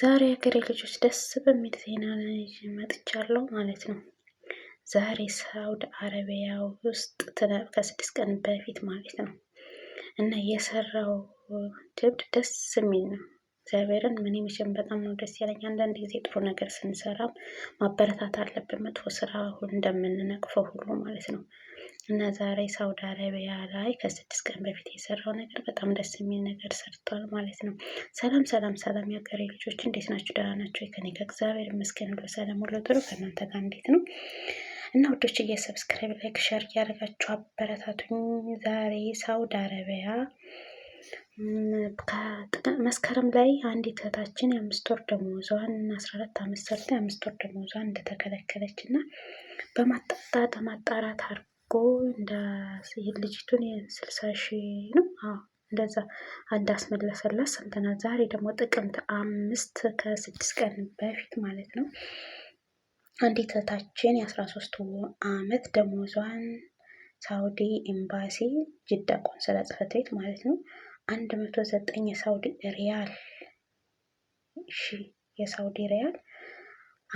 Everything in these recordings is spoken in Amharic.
ዛሬ ሀገሬ ልጆች ደስ በሚል ዜና መጥቻለሁ ማለት ነው። ዛሬ ሳውድ አረቢያ ውስጥ ከስድስት ቀን በፊት ማለት ነው እና የሰራው ጀብድ ደስ የሚል ነው። እግዚአብሔርን ምን መቼም በጣም ነው ደስ ያለኝ። አንዳንድ ጊዜ ጥሩ ነገር ስንሰራ ማበረታት አለብን፣ መጥፎ ስራ እንደምንነቅፈው ሁሉ ማለት ነው። እና ዛሬ ሳውዲ አረቢያ ላይ ከስድስት ቀን በፊት የሰራው ነገር በጣም ደስ የሚል ነገር ሰርቷል ማለት ነው። ሰላም ሰላም ሰላም የሀገሬ ልጆች እንዴት ናችሁ? ደህና ናቸው። ከኔ ከእግዚአብሔር ይመስገን ብሎ ሰላም ሁሉ ጥሩ። ከእናንተ ጋር እንዴት ነው? እና ውዶች እየሰብስክራይብ ላይክ ሸር እያደረጋችሁ አበረታቱኝ። ዛሬ ሳውዲ አረቢያ መስከረም ላይ አንዲት እህታችን የአምስት ወር ደመወዟን አስራ አራት አመት ሰርታ የአምስት ወር ደመወዟን እንደተከለከለች እና በማጣጣት ማጣራት አር እኮ እንደ ልጅቱን የስልሳ ሺህ ነው። አዎ እንደዛ እንዳስመለሰላት ሰምተናል። ዛሬ ደግሞ ጥቅምት አምስት ከስድስት ቀን በፊት ማለት ነው አንዲት እህታችን የአስራ ሶስት አመት ደሞዟን ሳውዲ ኤምባሲ ጅዳ ቆንስላ ጽህፈት ቤት ማለት ነው አንድ መቶ ዘጠኝ የሳውዲ ሪያል ሺ የሳውዲ ሪያል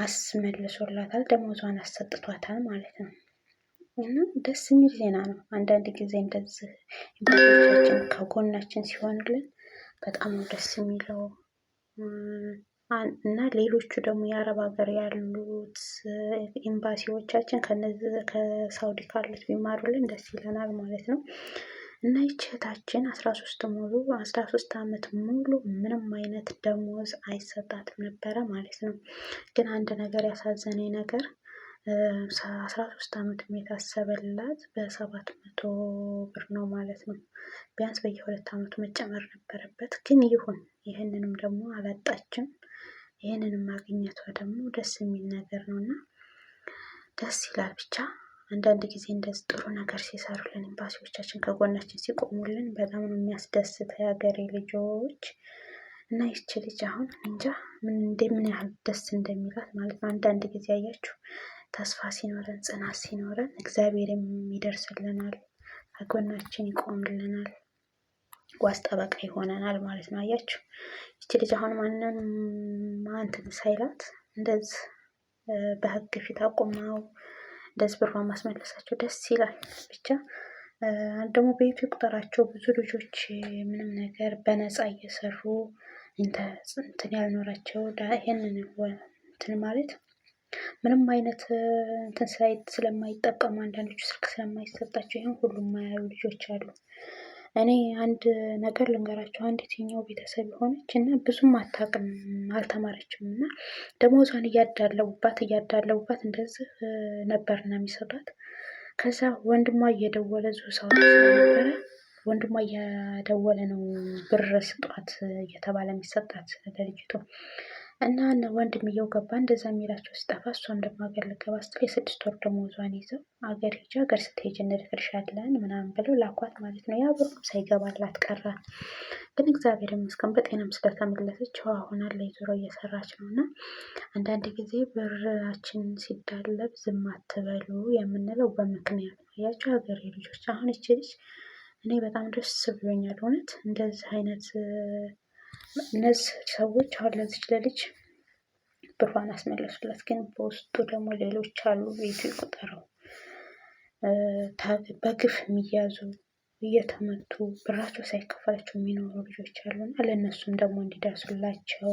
አስመልሶላታል። ደሞዟን አሰጥቷታል ማለት ነው። እና ደስ የሚል ዜና ነው። አንዳንድ ጊዜ እንደዚህ ቤቶቻችን ከጎናችን ሲሆንልን በጣም ነው ደስ የሚለው እና ሌሎቹ ደግሞ የአረብ ሀገር ያሉት ኤምባሲዎቻችን ከነዚህ ከሳውዲ ካሉት ቢማሩልን ደስ ይለናል ማለት ነው። እና ይችታችን አስራ ሶስት ሙሉ አስራ ሶስት አመት ሙሉ ምንም አይነት ደሞዝ አይሰጣትም ነበረ ማለት ነው። ግን አንድ ነገር ያሳዘነኝ ነገር አስራ ሶስት ዓመትም የታሰበላት በሰባት መቶ ብር ነው ማለት ነው። ቢያንስ በየሁለት ዓመቱ መጨመር ነበረበት፣ ግን ይሁን። ይህንንም ደግሞ አላጣችም። ይህንንም ማግኘቷ ደግሞ ደስ የሚል ነገር ነው እና ደስ ይላል። ብቻ አንዳንድ ጊዜ እንደዚህ ጥሩ ነገር ሲሰሩልን ኤምባሲዎቻችን ከጎናችን ሲቆሙልን በጣም ነው የሚያስደስት የሀገሬ ልጆች እና ይቺ ልጅ አሁን እንጃ ምን ያህል ደስ እንደሚላት ማለት ነው። አንዳንድ ጊዜ አያችሁ ተስፋ ሲኖረን ጽናት ሲኖረን እግዚአብሔርም ይደርስልናል፣ ከጎናችን ይቆምልናል፣ ዋስ ጠበቃ ይሆነናል ማለት ነው። አያችሁ ይቺ ልጅ አሁን ማንን ማንትን ሳይላት እንደዚህ በህግ ፊት አቁመው እንደዚህ ብሯን ማስመለሳቸው ደስ ይላል። ብቻ ደግሞ በቤቱ ቁጥራቸው ብዙ ልጆች ምንም ነገር በነፃ እየሰሩ እንትን ያልኖራቸው ይህንን እንትን ማለት ምንም አይነት እንትን ስለማይጠቀሙ አንዳንዶቹ ስልክ ስለማይሰጣቸው ይህም ሁሉም የማያዩ ልጆች አሉ። እኔ አንድ ነገር ልንገራቸው አንድ የትኛው ቤተሰብ የሆነች እና ብዙም አታውቅም አልተማረችም እና ደሞዟን እያዳለቡባት እያዳለቡባት እንደዚህ ነበርና የሚሰጧት ከዛ ወንድሟ እየደወለ ዙ ሰው ነበረ ወንድሟ እያደወለ ነው ብር ስጧት እየተባለ የሚሰጣት ለልጅቱ እና ወንድምየው ገባ እንደዛ የሚላቸው ስጠፋ እሷም ደግሞ ሀገር ልገባ ስትል የስድስት ወር ደመወዟን ይዘው አገር ሂጂ ሀገር ስትሄጂ እንልክልሻለን ምናምን ብለው ላኳት ማለት ነው። ያ ብሩም ሳይገባላት ቀረ። ግን እግዚአብሔር ይመስገን በጤናም ስለተመለሰች ዋ ሆናለ ዞሮ እየሰራች ነው። እና አንዳንድ ጊዜ ብራችን ሲዳለብ ዝም አትበሉ የምንለው በምክንያት ነው። ያቸው ሀገሬ ልጆች አሁን ይችልች እኔ በጣም ደስ ብሎኛል። እውነት እንደዚህ አይነት እነዚህ ሰዎች አሁን ለዚች ለልጅ ብሯን አስመለሱላት። ግን በውስጡ ደግሞ ሌሎች አሉ። ቤቱ ይቆጠረው በግፍ የሚያዙ እየተመቱ ብራቸው ሳይከፈላቸው የሚኖሩ ልጆች አሉና ለእነሱም ደግሞ እንዲደርሱላቸው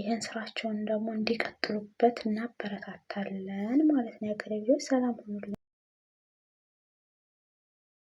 ይህን ስራቸውን ደግሞ እንዲቀጥሉበት እናበረታታለን ማለት ነው። ያገሬ ልጆች ሰላም ሁኑልን።